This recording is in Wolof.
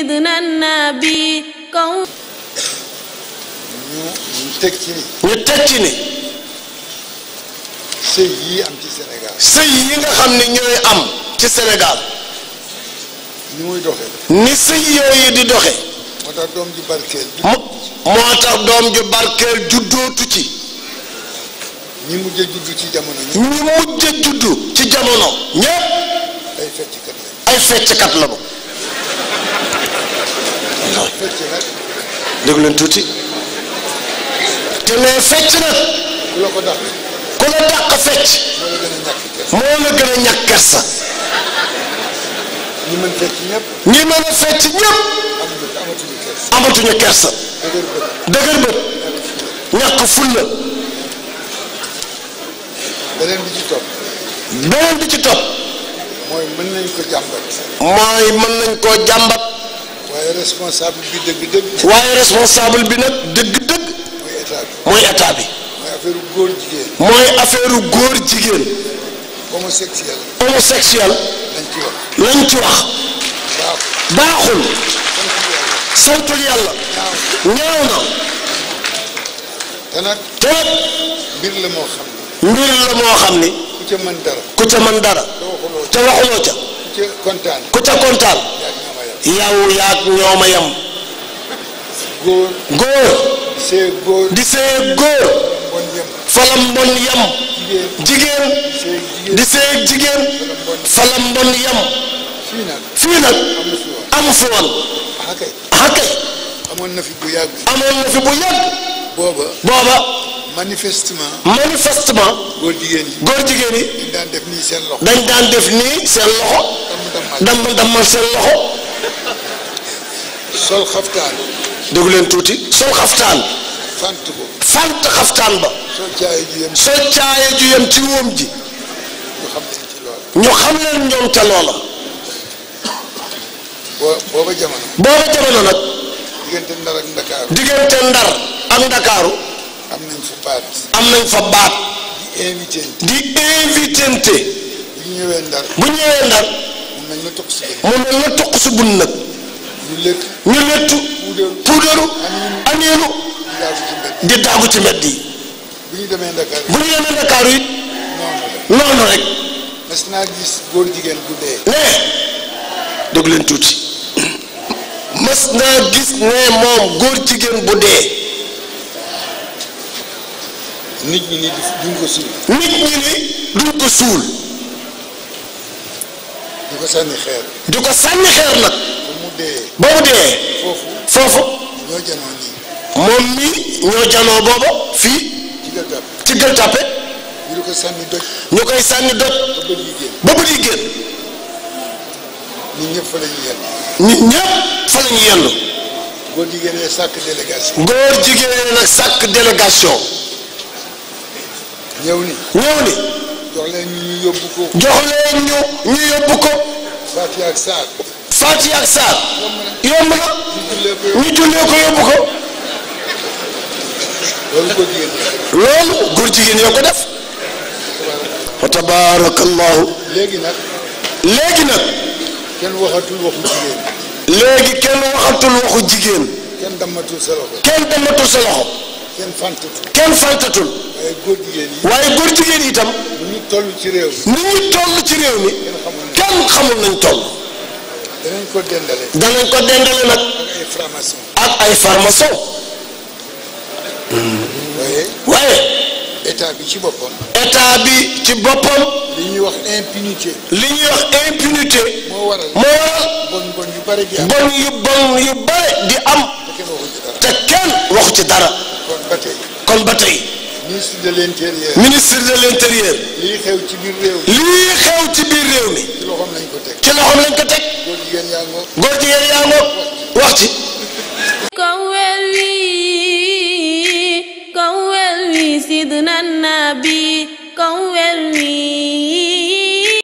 سيدنا النبي كون ñu teg ci ni sëy yi nga xam ni ñooy am ci Sénégal ni muy doxe ni sëy yooyu di doxe moo tax doom ju barkeel moo ci ñi mujj juddu ci jamono ñi mujj a juddu ci jamono ñépp la dégg leen tuuti te lee fecc na ku la ko dàq ku la dàq fecc moo la gën a ñàkk kersa ñi mën fecc ñëpp amatuñu kersa dëgër bët ñàkk fulla beneen bi ci topp mooy mën nañ mooy mën nañ koo jàmbat waaye responsable bi dëgg-dëgg. bi nag dëgg-dëgg. mooy état bi mooy état góor jigéen. mooy affaire góor jigéen. homosexuel. homosexuel. lañ ci wax. baaxul. santul yàlla. ñaaw na. te mbir la moo xam ni. ku ca mën dara. te waxuloo ca. ku ca kontaan. yow yaag ñooma yam góor di seeg góor falam yam jigéen di seeg jigéen falam yam fii nag am fi woon amoon na fi bu yàgg booba manifestement góor jigéen yi góor jigéen yi dañ daan def nii seen loxo dañ daan seen loxo sol xaftaan. déglu leen tuuti. sol xaftaan. fant ko xaftaan ba. soo caayee ju yem ci wóom ji. ñu xam leen ñoom ca loola. booba jamono. booba jamono nag. diggante ndar ak ndakaaru. am nañ fa baat. am nañ fa di invité. bu ñëwee bu ñëwee ndar. mu mel na tuq si bun nag ñu léttu puudaru aneelu di daagu ci mbedd yi bu ñu demee ndakaaru it noonu rek naa gis góor jigéen nee dégg leen tuuti mas naa gis ne moom góor jigéen bu dee nit ñi nit ñi ni duñ ko suul ko sànni xeer. di ko sànni xeer nag. ba mu dee. foofu. moom mi ñoo janoo booba fii. ci gël tàppe. ñu koy sànni doj. koy sànni doj. ba bët yi génn. ñun ñëpp fa la ñuy yendu. ñun jigéen ñi sàkk délégation. góor jigéen ñi nag sàkk délégation. ñëw ni jox leen ñu yóbbu ko. jox ñu yóbbu ko. Fatiha ak Saar. Fatiha ak Saar. yomb na ñu jullee ko yóbbu ko. loolu góor jigéen ñoo ko def. wa tabaarakallahu. léegi nag. léegi nag. kenn waxatul waxu jigéen. waxu jigéen. kenn dammatul sa loxo. kenn kenn fantatul kenn fantatul waaye góor jigéen yi waaye itam ni ñu toll ci réew mi ni ñu toll ci réew kenn xamul nañ toll danañ ko dendale danañ ko dendale nag ak ay farmason waaye état bi ci boppam état bi ci boppam li ñuy wax impunité li ñuy wax impunité moo bon yu bare di am bon yu te kenn waxu ci dara boppam ba tey. ministre de l' intérieur. ministre de l' intérieur. lii xew ci biir réew mi. lii xew ci biir réew mi. ci loxoom lañ ko teg. ci loxoom lañ ko teg. góor jigéen yaa ngoog. góor jigéen yaa ngoog wax ci. kowel wi kowel wi sidna nabi.